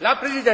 La Presidente.